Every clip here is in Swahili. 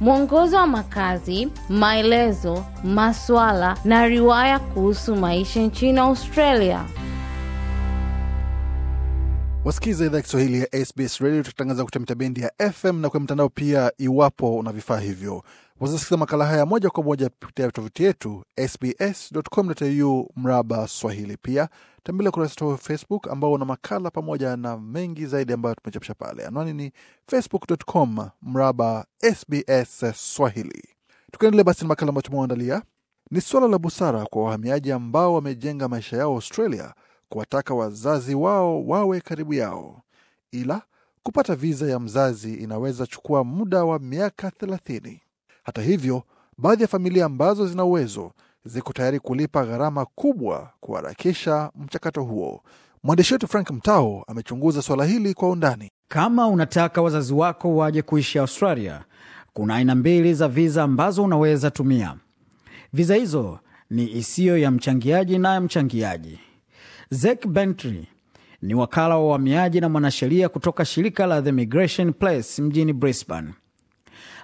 mwongozo wa makazi, maelezo, maswala na riwaya kuhusu maisha nchini Australia. Wasikiza idhaa Kiswahili ya SBS Radio, tutatangaza kupitia bendi ya FM na kwenye mtandao pia, iwapo una vifaa hivyo. Wazasikiza makala haya moja kwa moja kupitia tovuti yetu sbs.com.au mraba Swahili. Pia tembelea kurasa wa Facebook ambao una makala pamoja na mengi zaidi ambayo tumechapisha pale. Anwani ni facebook.com mraba SBS Swahili. Tukaendelea basi na makala ambayo tumeandalia, ni suala la busara kwa wahamiaji ambao wamejenga maisha yao Australia kuwataka wazazi wao wawe karibu yao, ila kupata viza ya mzazi inaweza chukua muda wa miaka thelathini. Hata hivyo, baadhi ya familia ambazo zina uwezo ziko tayari kulipa gharama kubwa kuharakisha mchakato huo. Mwandishi wetu Frank Mtao amechunguza suala hili kwa undani. Kama unataka wazazi wako waje kuishi Australia, kuna aina mbili za viza ambazo unaweza tumia. Viza hizo ni isiyo ya mchangiaji na ya mchangiaji. Zek Bentry ni wakala wa uhamiaji na mwanasheria kutoka shirika la The Migration Place mjini Brisbane.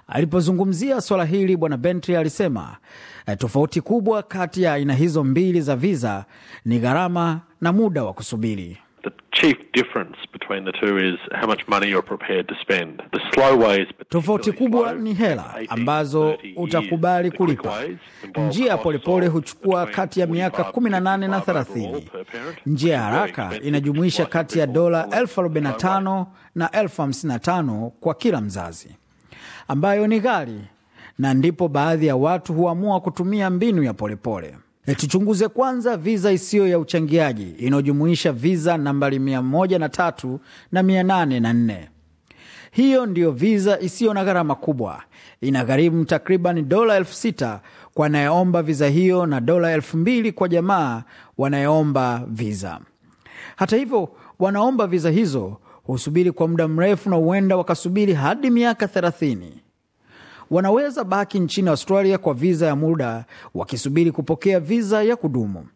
Alipozungumzia swala hili, Bwana Bentry alisema eh, tofauti kubwa kati ya aina hizo mbili za viza ni gharama na muda wa kusubiri. Tofauti kubwa ni hela ambazo utakubali kulipa. Njia polepole huchukua kati ya miaka 18 na 30. Njia ya haraka inajumuisha kati ya dola 45 na elfu 55 kwa kila mzazi, ambayo ni ghali, na ndipo baadhi ya watu huamua kutumia mbinu ya polepole pole tuchunguze kwanza viza isiyo ya uchangiaji inayojumuisha viza nambari mia na tatu na na nne. Hiyo ndiyo viza isiyo na gharama kubwa, inagharimu takriban dola elfu sita kwa anayeomba viza hiyo na dola elfu mbili kwa jamaa wanayeomba viza. Hata hivyo, wanaomba viza hizo husubiri kwa muda mrefu na huenda wakasubiri hadi miaka thelathini wanaweza baki nchini Australia kwa viza ya muda wakisubiri kupokea viza ya kudumu.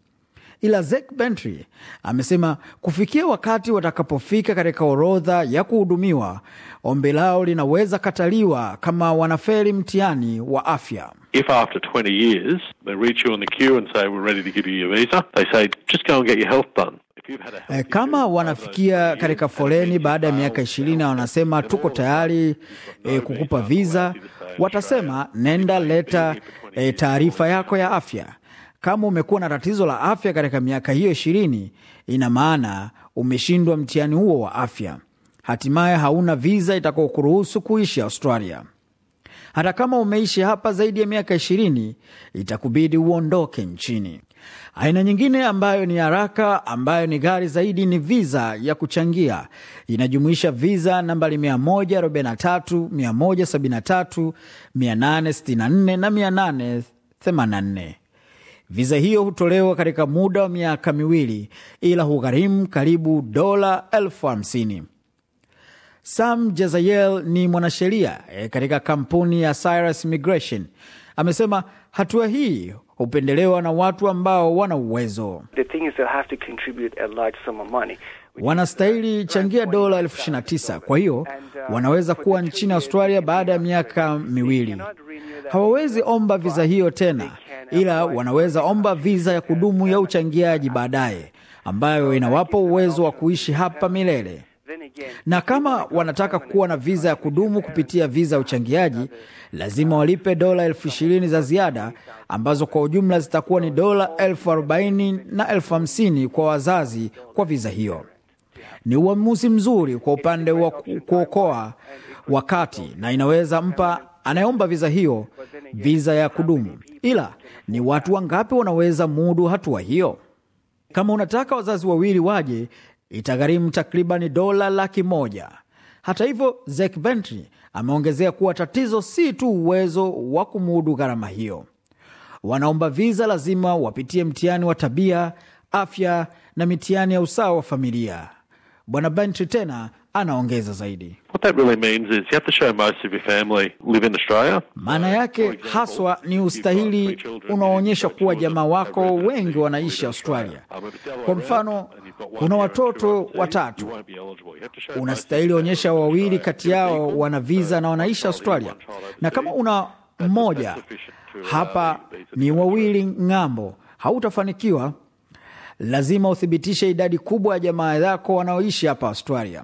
Ila Zek Bentry amesema kufikia wakati watakapofika katika orodha ya kuhudumiwa, ombi lao linaweza kataliwa kama wanafeli mtihani wa afya. If after 20 years they reach you on the queue and say we're ready to give you your visa, they say just go and get your health done. Eh, kama wanafikia katika foleni baada ya miaka ishirini na wanasema tuko tayari e, kukupa viza, watasema nenda leta e, taarifa yako ya afya. Kama umekuwa na tatizo la afya katika miaka hiyo ishirini, ina maana umeshindwa mtihani huo wa afya. Hatimaye hauna viza itakaokuruhusu kuishi Australia. Hata kama umeishi hapa zaidi ya miaka ishirini, itakubidi uondoke nchini. Aina nyingine ambayo ni haraka ambayo ni ghali zaidi ni viza ya kuchangia. Inajumuisha viza nambari 143, 173, 864 na 884. Viza hiyo hutolewa katika muda wa miaka miwili ila hugharimu karibu dola elfu hamsini. Sam Jazayel ni mwanasheria eh, katika kampuni ya Cyrus Migration. Amesema hatua hii hupendelewa na watu ambao wana uwezo. Wanastahili uh, changia dola elfu ishirini na tisa. Kwa hiyo uh, wanaweza kuwa nchini Australia baada ya miaka miwili. Hawawezi omba viza hiyo tena, ila wanaweza omba viza ya kudumu ya uchangiaji baadaye, ambayo inawapa uwezo wa kuishi hapa milele na kama wanataka kuwa na viza ya kudumu kupitia viza ya uchangiaji, lazima walipe dola elfu ishirini za ziada ambazo kwa ujumla zitakuwa ni dola elfu arobaini na elfu hamsini kwa wazazi kwa viza hiyo. Ni uamuzi mzuri kwa upande wa kuokoa wakati na inaweza mpa anayeomba viza hiyo viza ya kudumu. Ila ni watu wangapi wanaweza mudu hatua wa hiyo? Kama unataka wazazi wawili waje, itagharimu takribani dola laki moja. Hata hivyo, Zek Bentry ameongezea kuwa tatizo si tu uwezo wa kumudu gharama hiyo. Wanaomba viza lazima wapitie mtihani wa tabia, afya na mitihani ya usawa wa familia. Bwana Bentry tena anaongeza zaidi, maana yake haswa ni ustahili unaoonyesha kuwa jamaa wako wengi wanaishi Australia. Kwa mfano, Una watoto watatu, unastahili onyesha wawili uh, kati yao wana viza uh, na wanaishi Australia, na kama una mmoja uh, hapa ni wawili ng'ambo, hautafanikiwa. Lazima uthibitishe idadi kubwa ya jamaa yako wanaoishi hapa Australia.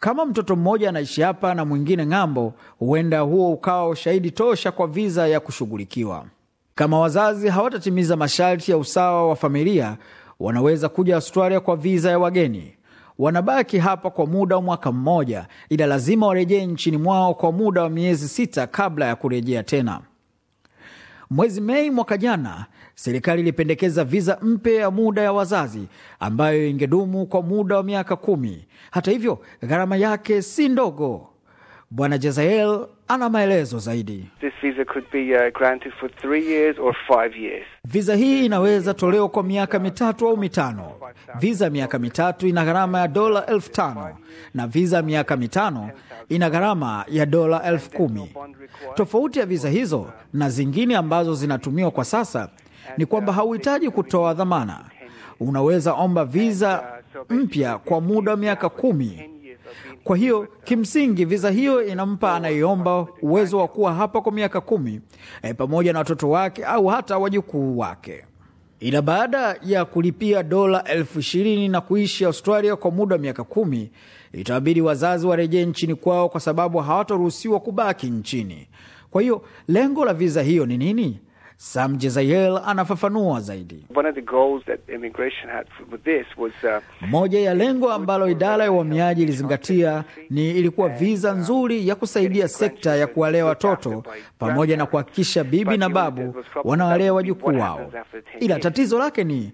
Kama mtoto mmoja anaishi hapa na mwingine ng'ambo, huenda huo ukawa ushahidi tosha kwa viza ya kushughulikiwa. Kama wazazi hawatatimiza masharti ya usawa wa familia, wanaweza kuja Australia kwa viza ya wageni. Wanabaki hapa kwa muda wa mwaka mmoja, ila lazima warejee nchini mwao kwa muda wa miezi sita kabla ya kurejea tena. Mwezi Mei mwaka jana, serikali ilipendekeza viza mpya ya muda ya wazazi ambayo ingedumu kwa muda wa miaka kumi. Hata hivyo, gharama yake si ndogo. Bwana Jezael ana maelezo zaidi. This visa could be uh, granted for three years or five years. Visa hii inaweza tolewa kwa miaka mitatu au mitano. Visa miaka mitatu ina gharama ya dola elfu tano na visa miaka mitano ina gharama ya dola elfu kumi. Tofauti ya visa hizo na zingine ambazo zinatumiwa kwa sasa ni kwamba hauhitaji kutoa dhamana. Unaweza omba visa mpya kwa muda wa miaka kumi kwa hiyo kimsingi viza hiyo inampa anayeomba uwezo wa kuwa hapa kwa miaka kumi e, pamoja na watoto wake au hata wajukuu wake. Ila baada ya kulipia dola elfu ishirini na kuishi Australia kwa muda wa miaka kumi, itabidi wazazi warejee nchini kwao kwa sababu hawatoruhusiwa kubaki nchini. Kwa hiyo lengo la viza hiyo ni nini? Sam Jezayel anafafanua zaidi. Uh, Moja ya lengo ambalo idara ya uhamiaji ilizingatia ni ilikuwa viza um, nzuri ya kusaidia sekta ya kuwalea watoto pamoja na kuhakikisha bibi na babu wanawalea wajukuu wao, ila tatizo lake ni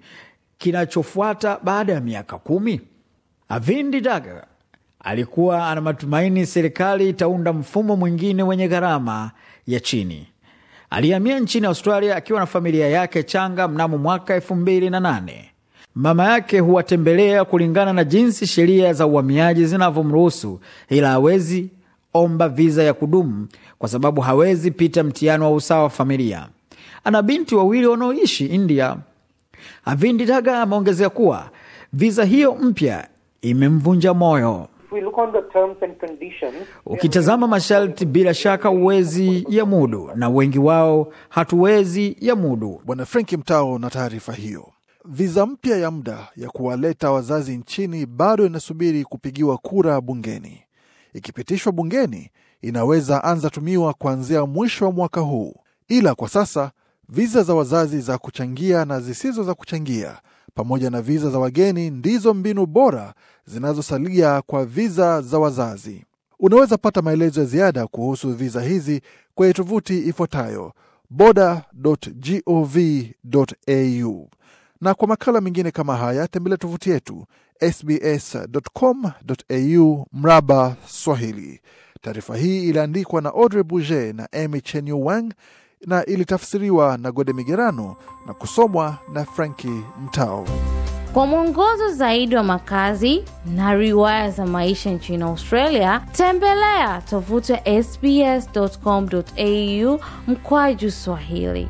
kinachofuata baada ya miaka kumi. Avindi Daga alikuwa ana matumaini serikali itaunda mfumo mwingine wenye gharama ya chini. Alihamia nchini Australia akiwa na familia yake changa mnamo mwaka elfu mbili na nane. Mama yake huwatembelea kulingana na jinsi sheria za uhamiaji zinavyomruhusu, ila hawezi omba viza ya kudumu kwa sababu hawezi pita mtihani wa usawa wa familia. Ana binti wawili wanaoishi India. Avindi Daga ameongezea kuwa viza hiyo mpya imemvunja moyo. Ukitazama masharti, bila shaka huwezi ya mudu, na wengi wao hatuwezi ya mudu. Bwana Frenki Mtao na taarifa hiyo. Viza mpya ya muda ya kuwaleta wazazi nchini bado inasubiri kupigiwa kura bungeni. Ikipitishwa bungeni, inaweza anza tumiwa kuanzia mwisho wa mwaka huu, ila kwa sasa viza za wazazi za kuchangia na zisizo za kuchangia pamoja na viza za wageni ndizo mbinu bora zinazosalia kwa viza za wazazi. Unaweza pata maelezo ya ziada kuhusu viza hizi kwenye tovuti ifuatayo boda.gov.au, na kwa makala mengine kama haya tembelea tovuti yetu sbs.com.au mraba Swahili. Taarifa hii iliandikwa na Audrey Bouget na Emy Chenyu Wang na ilitafsiriwa na Gode Migerano na kusomwa na Franki Mtao. Kwa mwongozo zaidi wa makazi na riwaya za maisha nchini Australia, tembelea tovuti ya sbs.com.au mkwaju Swahili.